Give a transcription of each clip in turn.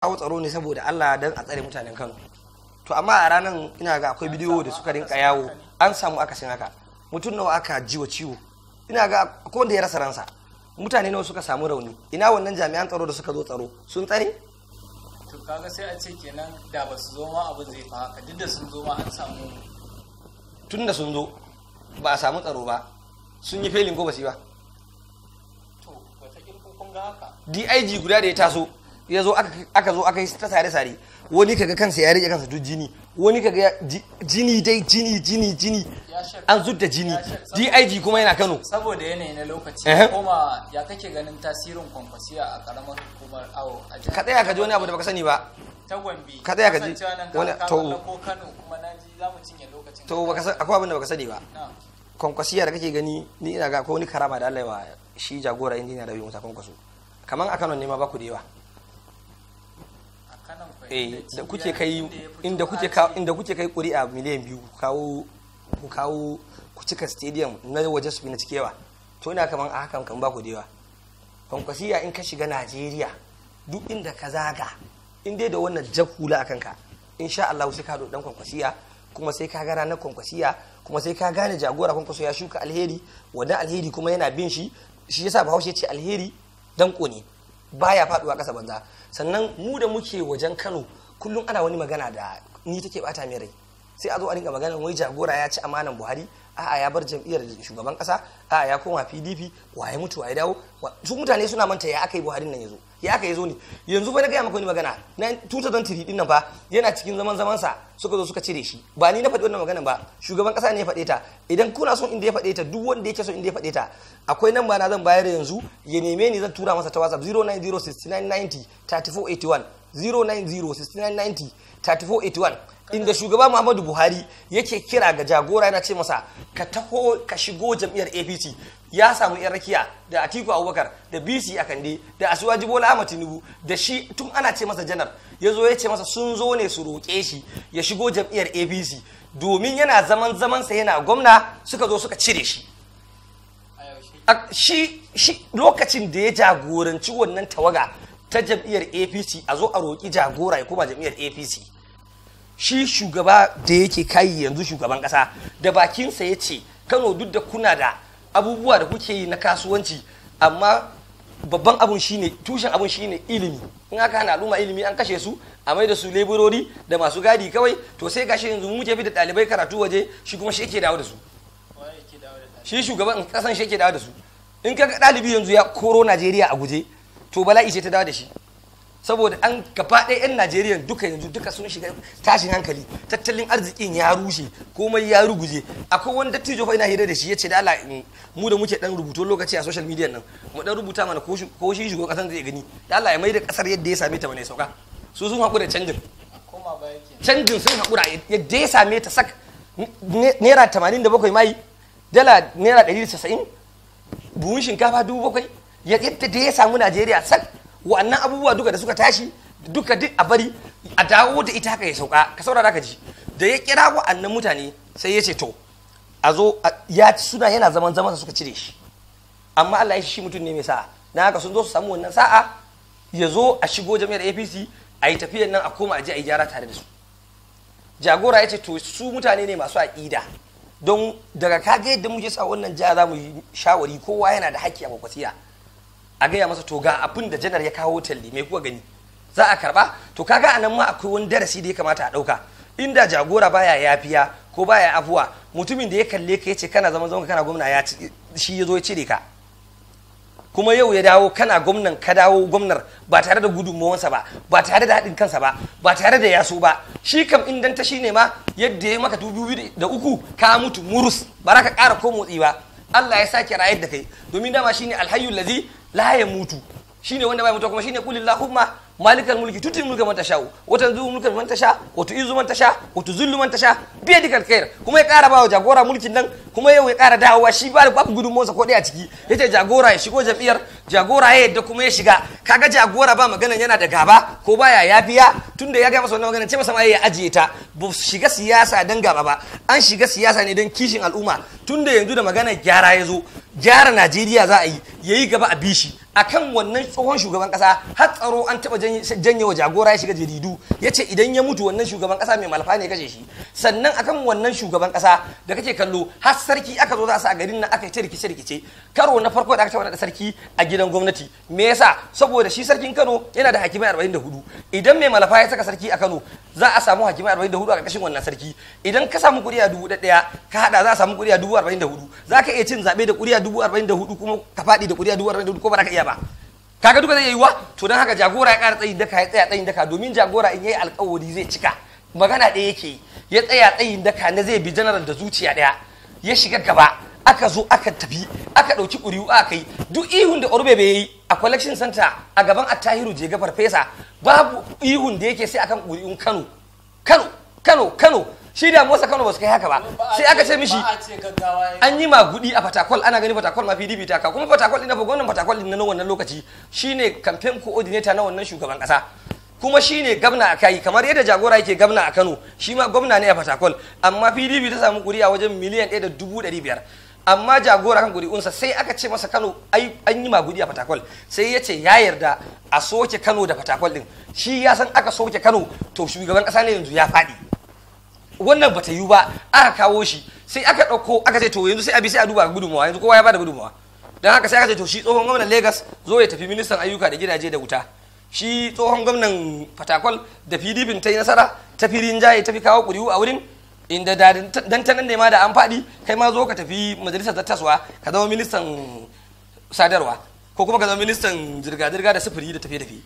kawo tsaro ne saboda Allah dan a tsare mutanen Kano to amma a ranar ina ga akwai bidiyo da suka rinka yawo an samu akasin haka mutum nawa aka jiwa ciwo ina ga ko wanda ya rasa ransa mutane nawa suka samu rauni ina wannan jami'an tsaro da suka zo tsaro sun tsare to kaga sai a ce kenan da ba su zo ma abin zai fa haka duk da sun zo ma an samu tun da sun zo ba a samu tsaro ba sun yi felin ko ba su yi ba to wata kun ga haka dig guda da ya taso ya zo aka zo aka yi ta sare-sare wani kaga kansa ya rike kansa duk jini wani kaga jini dai jini jini jini an zub da jini dig kuma yana kano saboda yanayi na lokaci koma ya kake ganin tasirin kwankwasiya a karamar hukumar awo a jihar ka tsaya ji wani abu da baka sani ba ta gombe ka ji wani to ko kano kuma na ji za mu cinye lokacin to baka san akwai abin da baka sani ba kwamfasiya da kake gani ni ina ga ko wani karama da Allah ya shi jagora injiniya da yi mutakon kwaso kamar a kano ne ma ba ku da yawa Eh, da kuke kai inda kuke miliyan biyu ku kawo ku cika stadium na waje su na cikewa to ina kamar a hakan kan ba ku dewa kwankwasiya in ka shiga Najeriya duk inda ka zaga in dai da wannan jakula akan ka sha Allah sai ka haɗu ɗan kwankwasiya kuma sai ka gana na kwankwasiya kuma sai ka gane jagora kwankwaso ya shuka alheri wannan alheri kuma yana bin shi shi yasa bahaushe ce alheri danko ne baya faɗuwa ƙasa banza sannan mu da muke wajen kano kullum ana wani magana da ni take bata mai rai sai a zo a ringa maganar wai jagora ya ci amanan buhari a'a ya bar jam'iyyar shugaban kasa a'a ya koma pdp waye mutu waye dawo su mutane suna manta ya aka yi buhari nan yazo ya aka yazo ne yanzu fa na gaya maka wani magana na 2003 din nan fa yana cikin zaman zaman sa suka zo suka cire shi ba ni na faɗi wannan magana ba shugaban kasa ne ya faɗe ta idan kuna son inda ya faɗe ta duk wanda yake son inda ya faɗe ta akwai nan ba na zan bayar yanzu ya neme ni zan tura masa ta whatsapp 09069903481. 09069903481 0906990 3481 inda shugaba muhammadu buhari yake kira ga jagora yana ce masa ka taho ka shigo jam'iyyar apc ya samu yan rakiya da atiku abubakar da bc a kande da asuwaji bola ahmad tinubu da shi tun ana ce masa janar ya zo ya ce masa sun zo ne su roƙe shi ya shigo jam'iyyar apc domin yana zaman zaman sa yana gwamna suka zo suka cire shi shi lokacin da ya jagoranci wannan tawaga ta jam'iyyar apc a zo a roƙi jagora ya koma jam'iyyar apc shi shugaba da yake kai yanzu shugaban kasa da bakinsa ya ce kano duk da kuna da abubuwa da kuke yi na kasuwanci amma babban abun shine tushen abun shine ilimi in aka hana al'umma ilimi an kashe su a mai da su leburori da masu gadi kawai to sai gashi yanzu mu bi da ɗalibai karatu waje shi kuma shi yake dawo da su shi shugaban kasan shi yake dawo da su in ka ɗalibi yanzu ya koro najeriya a guje to bala'i ce ta dawo da shi saboda an gaba ɗaya 'yan najeriya duka yanzu duka sun shiga tashin hankali tattalin arzikin ya rushe komai ya ruguje akwai wani dattijo fa ina hira da shi yace da Allah mm, mu da muke dan rubuto lokaci a social media nan mu dan rubuta mana ko shi shugo kasan zai gani da Allah ya mai da kasar yadda ya same ta bane sauka su sun haƙura canjin canjin sun haƙura yadda ya same ta sak naira 87 mai dala naira 190 buhun shinkafa dubu bakwai yadda da ya samu najeriya sak wa'annan abubuwa duka da suka tashi duka duk a bari a dawo da ita haka ya sauka ka saurara ka ji da ya kira wa'annan mutane sai ya ce to a zo ya ci suna yana zaman zaman suka cire shi amma Allah ya shi mutum ne mai sa'a na haka sun zo su samu wannan sa'a ya zo a shigo jami'ar APC a yi tafiyan nan a koma a je a yi gyara tare da su jagora ya ce to su mutane ne masu aƙida don daga kage yadda muke sa wannan jiha za mu yi shawari kowa yana da haƙƙi a kwakwasiya a gaya masa to ga abin da janar ya kawo talli mai kuwa gani za a karba to kaga anan ma akwai wani darasi da ya kamata a dauka inda jagora baya yafiya ko baya afuwa mutumin da ya kalle ka yace kana zaman zaman kana gwamna ya shi yazo ya cire ka kuma yau ya dawo kana gwamnan ka dawo gwamnar ba tare da sa ba ba tare da haɗin kansa ba ba tare da yaso ba shi kam in danta shine ma yadda ya maka dubu da uku ka mutu murus ba za ka ƙara ko motsi ba Allah ya sake rayar da kai domin dama shine alhayyul ladhi la yamutu shine wanda bai mutu kuma shine qulillahumma malikan mulki tutil mulka man tasha wata zu mulka man tasha wata izu man tasha wata zullu man tasha biya yadikal khair kuma ya kara bawa jagora mulkin nan kuma yau ya kara dawowa shi ba babu motsa ko a ciki yace jagora ya shigo jam'iyyar jagora ya yadda kuma ya shiga kaga jagora ba magana yana da gaba ko baya yafiya tunda ya ga masa wannan magana ce masa ya ajiye ta ba shiga siyasa dan gaba ba an shiga siyasa ne dan kishin al'umma tunda yanzu da magana gyara ya zo gyara Najeriya za a yi yayi gaba a bishi akan wannan tsohon shugaban kasa har tsaro an taba janye wa jagora ya shiga jaridu ya ce idan ya mutu wannan shugaban kasa mai malafa ne kashe shi sannan akan wannan shugaban kasa da kake kallo har sarki aka zo za a garin nan aka yi ta rikice rikice karo na farko da aka taɓa da sarki a gidan gwamnati me yasa saboda shi sarkin Kano yana da hakimai 44 idan mai malafa ya saka sarki a Kano za a samu hakimai 44 a ƙarƙashin wannan sarki idan ka samu kuriya dubu ɗaya ka hada za a samu kuriya dubu 44 za ka iya cin zaɓe da kuriya dubu 44 kuma ka faɗi da kuriya dubu 44 ko ba za ka iya ba kaga duka zai yi wa to don haka jagora ya kara tsayin daka ya tsaya tsayin daka domin jagora in yayi alƙawari zai cika magana ɗaya yake ya tsaya tsayin daka na zai bi janaral da zuciya ɗaya ya shiga gaba aka zo aka tafi aka ɗauki ƙuri'u aka yi duk ihun da orbe bai yi a collection center a gaban attahiru je ga farfesa babu ihun da yake sai akan ƙuri'un kano kano kano kano shi da musa kano basu su kai haka ba sai aka ce mishi an yi magudi a fatakol ana gani fatakol ma pdp ta ka kuma fatakol ɗin na gwamnan fatakol ɗin na wannan lokaci shine campaign coordinator na wannan shugaban kasa kuma shine gwamna a kai kamar yadda jagora yake gwamna a kano shi ma gwamna ne a fatakol amma pdp ta samu kuri'a wajen miliyan ɗaya da dubu ɗari biyar amma jagora kan kuri'unsa sai aka ce masa kano an yi magudi a fatakwal sai ya ce ya yarda a soke kano da fatakwal din shi ya san aka soke kano to shugaban kasa ne yanzu ya faɗi wannan bata yiwu ba aka kawo shi sai aka ɗauko aka ce to yanzu sai a sai a duba gudunmawa yanzu kowa ya bada gudunmawa don haka sai aka ce to shi tsohon gwamnan Legas zo ya tafi ministan ayyuka da gidaje da wuta shi tsohon gwamnan Fatakwal da PDP ta yi nasara ta firin jaye ta fi kawo kuri'u a wurin inda dan ta nan ne ma da an faɗi kai ma zo ka tafi majalisar dattaswa ka zama ministan sadarwa ko kuma ka zama ministan zirga-zirga da sufuri da tafi tafiye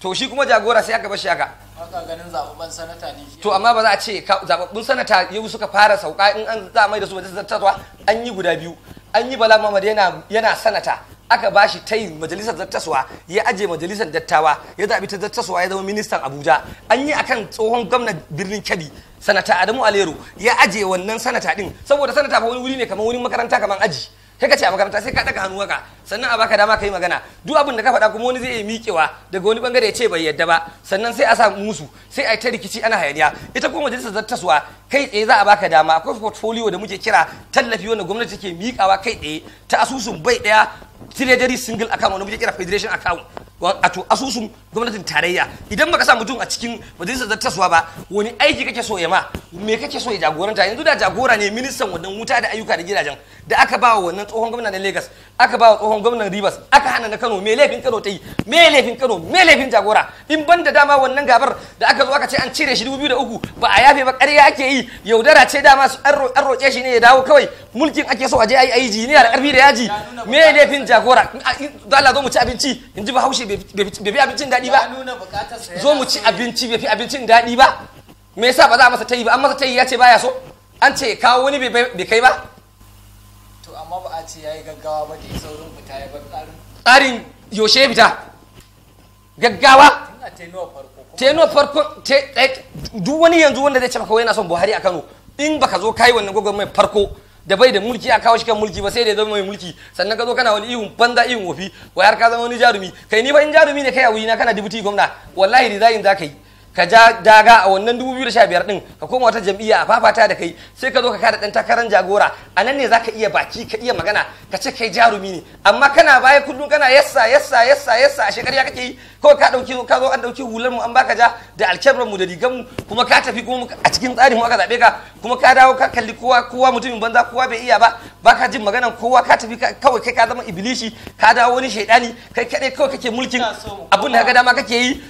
to shi kuma jagora sai aka bar shi aka haka ganin zababban sanata ne to amma ba za a ce zababbun sanata yau suka fara sauka in an za mai da su majalisar zartaswa an yi guda biyu an yi bala mamad yana yana sanata aka ba shi tayin majalisar zattaswa ya aje majalisar dattawa ya zabi ta zattaswa ya zama ministan abuja an yi akan tsohon gwamnan birnin kebbi sanata adamu alero ya aje wannan sanata din saboda sanata ba wani wuri ne kamar wurin makaranta kamar aji sai ka ce a makaranta sai ka daga hannu sannan a baka dama ka yi magana duk abin da ka faɗa kuma wani zai iya miƙewa daga wani bangare ya ce bai yadda ba sannan sai a sa musu sai a yi ta rikici ana hayaniya ita kuma majalisar zartaswa kai tsaye za a baka dama akwai portfolio da muke kira tallafi wanda gwamnati ke miƙawa kai tsaye ta asusun bai ɗaya treasury single account wani muke kira federation account wato asusun gwamnatin tarayya idan baka sa mutum a cikin majalisar zartaswa ba wani aiki kake so ya ma me kake so ya jagoranta yanzu da jagora ne ministan wannan wuta da ayyuka da gidajen da aka ba wa wannan tsohon gwamna na Lagos aka ba wa tsohon gwamnan Rivers aka hana na Kano me laifin Kano ta yi me laifin Kano me laifin jagora in ban da dama wannan gabar da aka zo aka ce an cire shi uku ba a yafe ba ƙarya ake yi yaudara ce dama su an roƙe shi ne ya dawo kawai mulkin ake so a je yi ayi jiniya da karfi da yaji me laifin jagora Allah zo mu ci abinci in ji bahaushe bai fi abincin daɗi ba zo mu ci abinci bai fi abincin daɗi ba me yasa ba za a masa tayi ba an masa tayi ya ce baya so an ce kawo wani bai kai ba to amma ba a ce yayi gaggawa ba da saurin fita ya bar tsarin tsarin yaushe fita gaggawa teno farko farko duk wani yanzu wanda zai ce maka wai na son Buhari a Kano in baka zo kai wannan mai farko da bai da mulki a kawo shi kan mulki ba sai da ya zama mai mulki sannan ka zo kana wani ihun banza ihun wofi wai har ka zama wani jarumi kai ni ba in jarumi ne kai a wurina kana dubuti gwamna wallahi rizayin za ka yi ka ja daga a wannan 2015 din ka koma wata jam'iyya a fafata da kai sai ka zo ka kada dan takarar jagora a nan ne za ka iya baki ka iya magana ka ce kai jarumi ne amma kana baya kullum kana yassa yassa yassa yassa a shekarya kake yi ko ka dauki ka zo an dauki hular mu an baka ja da alkebra mu da digan mu kuma ka tafi kuma a cikin tsari mu aka zabe ka kuma ka dawo ka kalli kowa kowa mutumin banza kowa bai iya ba baka jin maganan kowa ka tafi kawai kai ka zama ibilishi ka dawo wani shaidani kai kadai kawai kake mulkin abun da ka dama kake yi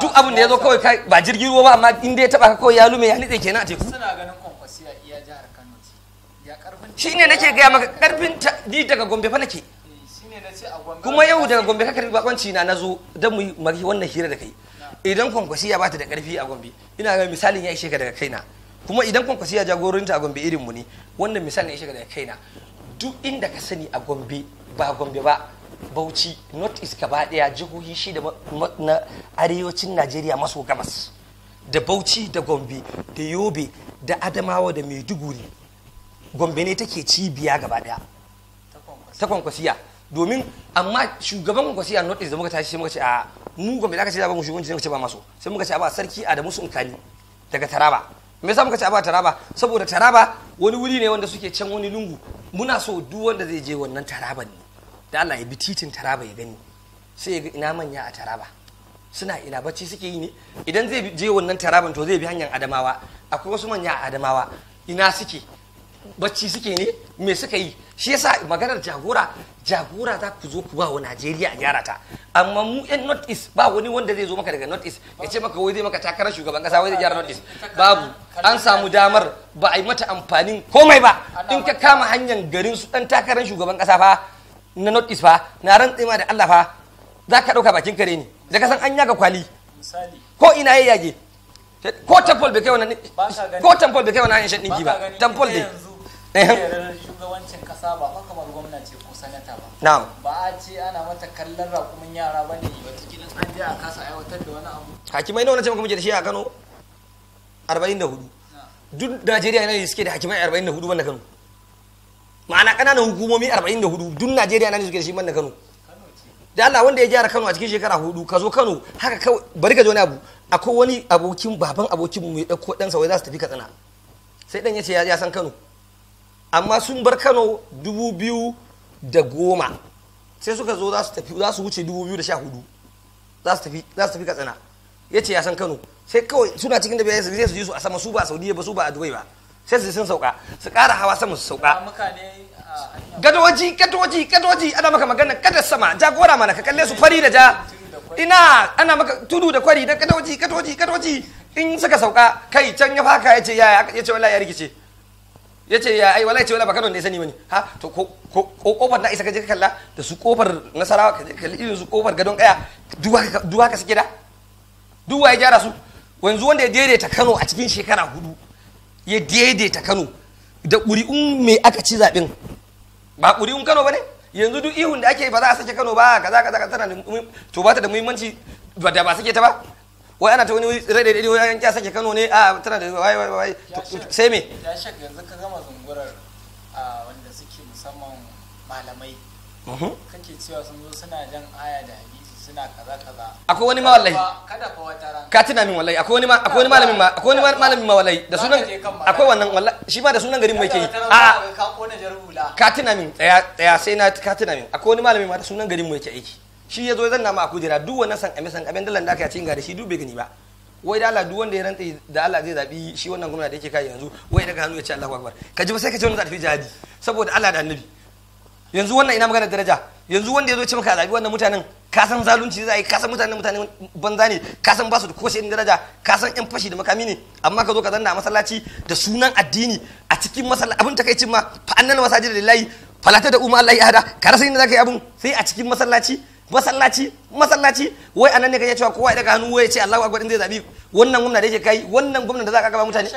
duk abun da ya zo kawai ba jirgin ruwa ba amma in dai ya taba ka kawai ya lume ya nitse kenan a teku suna ganin kwankwasiya iya jihar Kano ce ya karfin shine nake gaya maka karfin ni daga Gombe fa nake kuma yau daga gombe kakar karbi na nazo dan mu mari wannan hira da kai idan kwankwasi ya bata da karfi a gombe ina ga misalin ya ishe ka daga kaina kuma idan kwankwasi ya jagorinta a gombe irin mu ne wannan misalin ya ishe ka daga kaina duk inda ka sani a gombe ba gombe ba bauchi north east gaba daya jihohi shi da na arewacin najeriya maso gabas da bauchi da gombe da yobe da adamawa da maiduguri gombe ne take cibiya gaba daya ta kwankwasiya domin amma shugaban gwasiya north east da muka tashi sai muka ce a mu da aka ce za ba mu shugabanci sai muka ce ba maso sai muka ce a ba sarki Adamu Sunkani daga Taraba me yasa muka ce a ba Taraba saboda Taraba wani wuri ne wanda suke can wani lungu muna so duk wanda zai je wannan Taraban ne da Allah ya bi titin Taraba ya gani sai ya ga ina manya a Taraba suna ina bacci suke yi ne idan zai je wannan Taraban to zai bi hanyar Adamawa akwai wasu manya a Adamawa ina suke bacci suke ne me suka yi shi yasa maganar jagora jagora za ku zo ku ba wa Najeriya a gyara ta amma mu yan north east ba wani wanda zai zo maka daga north east ya ce maka wai zai maka takarar shugaban kasa wai zai gyara north east babu an samu damar ba a yi mata amfanin komai ba in ka kama hanyar garin su dan takarar shugaban kasa fa na north east fa na ran tsima da Allah fa za ka dauka bakin kare ne da ka san an yaga kwali ko ina ya yage ko temple bai kai wannan ko temple bai kai wannan hanyar shan dinki ba temple dai ɗayan eh? shugabancin kasa ba fa kamar gwamnati ko sanata ba na'am ba a ce ana mata kallon rakumin yara ba ne ba watakila an je a kasa aiwatar da wani abu hakimai nawa na ce kuma muke da shi a Kano arba'in hudu duk Najeriya ne suke da hakimai ban da Kano ma'ana kananan hukumomi arba'in da hudu duk Najeriya ne suke da shi da Kano da Allah wanda ya gyara Kano a cikin shekara hudu ka zo Kano haka kawai bari ka zo wani abu akwai wani abokin baban abokin mu ya dauko ɗansa wai za su tafi Katsina sai ɗan ya ce ya san Kano amma sun bar kano dubu biyu da goma sai suka zo za su tafi za su wuce dubu biyu da sha hudu za su tafi katsina ya ce ya san kano sai kawai suna cikin da biyar sai su ji su a sama su ba a saudiya ba su ba a dubai ba sai su sun sauka su kara hawa sama su sauka gadoji gadoji gadoji ana maka magana kada sama jagora mana ka kalle su fari da ja ina ana maka tudu da kwari da gadoji gadoji gadoji in suka sauka kai can ya faka ya ce yaya ya ce wallahi ya rikice ya ce ya ai wallahi ce wala ba Kano ne sani bane ha to ko kofar na isa ka je ka kalla da su kofar Nasarawa ka je kalli irin su kofar gadon kaya duwa ka suke da duwa ya gyara su yanzu wanda ya daidaita Kano a cikin shekara hudu ya daidaita Kano da ƙuri'un mai aka ci zaɓen ba ƙuri'un Kano bane yanzu duk ihun da ake ba za a sake Kano ba kaza kaza kaza to ba ta da muhimmanci ba da ba sake ta ba wai ana ta wani rai da daidai an kya sake Kano ne a ah, tana da wai wai wai sai me ya shek yanzu ka gama zungurar a ah, wanda suke musamman malamai mm-hmm. kake cewa sun zo suna jan aya da hadisi suna kaza kaza akwai wani ma wallahi kada fa wata ran ka tuna min wallahi akwai wani ma akwai wani malamin ma akwai wani malamin ma wallahi da sunan akwai wannan wallahi shi ma da sunan garin mai yake a ah. ka kona jarhula ka tuna min tsaya tsaya sai na ka tuna min akwai wani malamin ma da sunan garin mai yake aiki shi ya zo zanna ma a kujera duk wannan san ame san abin dalan da aka cinga da shi duk bai gani ba wai da Allah duk wanda ya rantsa da Allah zai zabi shi wannan gwamnati da yake kai yanzu wai daga hannu ya ce Allahu akbar ka ji ba sai ka ce wannan za ta jihadi saboda Allah da annabi yanzu wannan ina magana daraja yanzu wanda ya zo ce maka zabi wannan mutanen ka san zalunci zai yi ka san mutanen mutanen banza ne ka san ba su da koshe daraja ka san yan fashi da makami ne amma ka zo ka zanna a masallaci da sunan addini a cikin masallaci abin cin ma fa annana masajid lillahi falata da umma Allah ya hada ka rasa inda zaka yi abun sai a cikin masallaci masallaci masallaci wai anan ne kaje cewa kowa ya daga hannu wai ya ce Allahu akbar in zai zabi wannan gwamna da yake kai wannan gwamna da za ka gaba mutane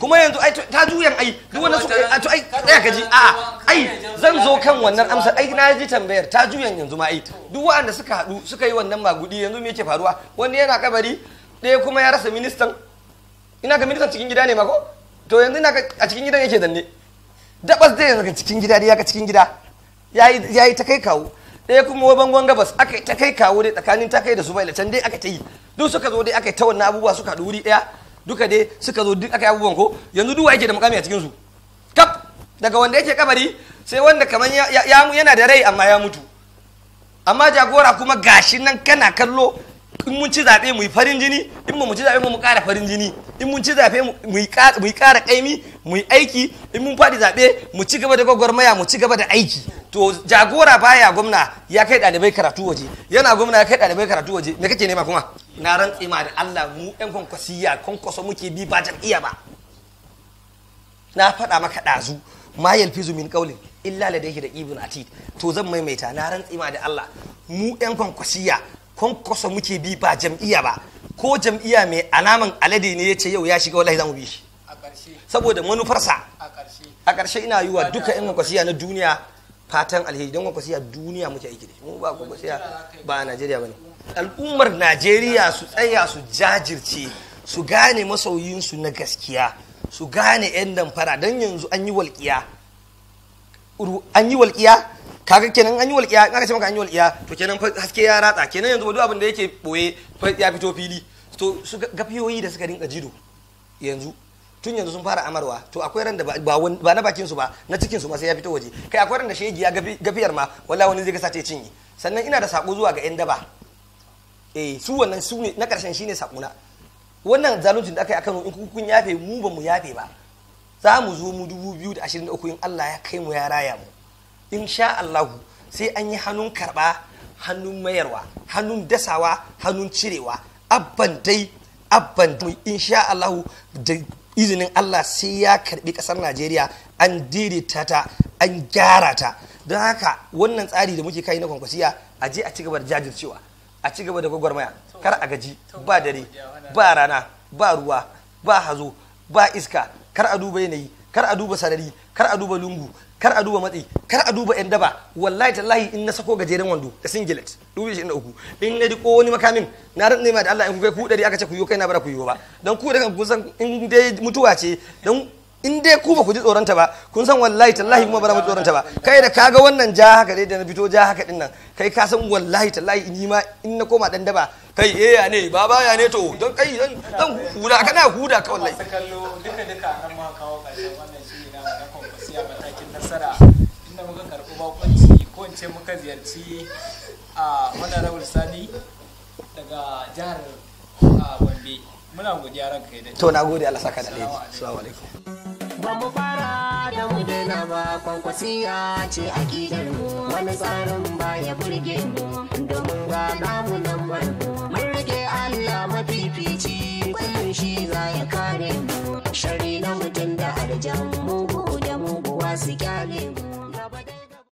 kuma yanzu ai ta juyan ai duk wannan su ai tsaya ka ji a ai zan zo kan wannan amsar ai na ji tambayar ta juyan yanzu ma ai duk waɗanda suka hadu suka yi wannan magudi yanzu me yake faruwa wani yana kabari ɗaya kuma ya rasa ministan ina ga ministan cikin gida ne ma ko to yanzu ina a cikin gidan yake danne dabas dai yanzu cikin gida dai ya ka cikin gida yayi yayi ta kai kawo ɗaya kuma wa bangon gabas aka ta kai kawo dai tsakanin ta kai da su da can dai aka ta yi duk suka zo dai aka ta wannan abubuwa suka haɗu wuri ɗaya duka dai suka zo duk aka yi abubuwan ko yanzu duwa yake da mukami a cikinsu kaf daga wanda yake kabari sai wanda kamar yana da rai amma ya mutu amma jagora kuma gashi nan kana kallo in mun ci zaɓe mu yi farin jini in mu ci zaɓe mu ƙara farin jini in mun ci zaɓe mu yi ƙara ƙaimi mu yi aiki in mun faɗi zaɓe mu ci gaba da gwagwarmaya mu ci gaba da aiki to jagora baya gwamna ya kai ɗalibai karatu waje yana gwamna ya kai ɗalibai karatu waje me kake nema kuma na rantse ma da Allah mu ƴan kwankwasiya kwankwaso muke bi ba jam'iyya ba na faɗa maka ɗazu ma yalfizu min qawlin illa ladayhi raqibun atid to zan maimaita na rantse ma da Allah mu ƴan kwankwasiya kwankwasa muke bi ba jam'iyya ba ko jam'iyya mai alaman alade ne ya ce yau ya shiga wallahi zamu bi shi saboda manufarsa a ƙarshe ina yi wa duka yan kwankwasiya na duniya fatan alheri don kwankwasiya duniya muke aiki da mu ba kwankwasiya ba a najeriya ba ne al'ummar najeriya su tsaya su jajirce su gane masauyinsu na gaskiya su gane 'yan damfara don yanzu an yi walƙiya an yi walƙiya kaga kenan an yi walƙiya in aka ce maka an yi walƙiya to kenan haske ya ratsa kenan yanzu duk abin da yake boye ya fito fili to su gafiyoyi da suka rinka jido yanzu tun yanzu sun fara amarwa to akwai ran da ba na bakin su ba na cikin su ma sai ya fito waje kai akwai ran da shegi ya gafiyar ma wallahi wani zai ga sace cinye sannan ina da sako zuwa ga yan daba eh su wannan su ne na karshen shine sakuna wannan zaluncin da aka yi akan in kun yafe mu ba mu yafe ba za mu zo mu dubu 2023 in Allah ya kai mu ya raya mu insha Allahu sai an yi hannun karba hannun mayarwa hannun dasawa hannun cirewa abban dai abban dai insha Allahu da izinin Allah sai ya karbi ƙasar Najeriya an daidaita ta an gyara ta don haka wannan tsari da muke kai na kwankwasiya a je a ci gaba da jajircewa a ci gaba da gwagwarmaya kar a gaji ba dare ba rana ba ruwa ba hazo ba iska kar a duba yanayi kar a duba sarari kar a duba lungu kar a duba matsi kar a duba yan daba wallahi tallahi in na sako gajeren wando da singlet dubi shi na uku in na riko wani makamin na rantsa ma da Allah in ku kai ku dari aka ce ku yo kai na bara ku yo ba dan ku daga kun san in dai mutuwa ce dan in dai ku ba ku ji tsoronta ba kun san wallahi tallahi kuma ba za mu tsoronta ba kai da kaga wannan ja haka dai da na fito ja haka din nan kai ka san wallahi tallahi ni ma in na koma dan daba kai eh ya ne ba ya ne to don kai dan dan huda kana huda ka wallahi kallo duka duka nan ma kawo karshe wannan shi na na a matakin nasara inda muka karɓi bakunci ko in ce muka ziyarci a ah, rawul sani daga jihar ah, Gombe muna godiya ranka ya to na gode Allah saka da alheri assalamu alaikum ba mu fara da mu daina ba kwankwasiya ce a gidan mu wani tsarin ba ya burge mu domin ga namu nan mu mun rike Allah mafifici kullum shi za ya kare mu shari na mutum da arjan mu da muguwa su kyale mu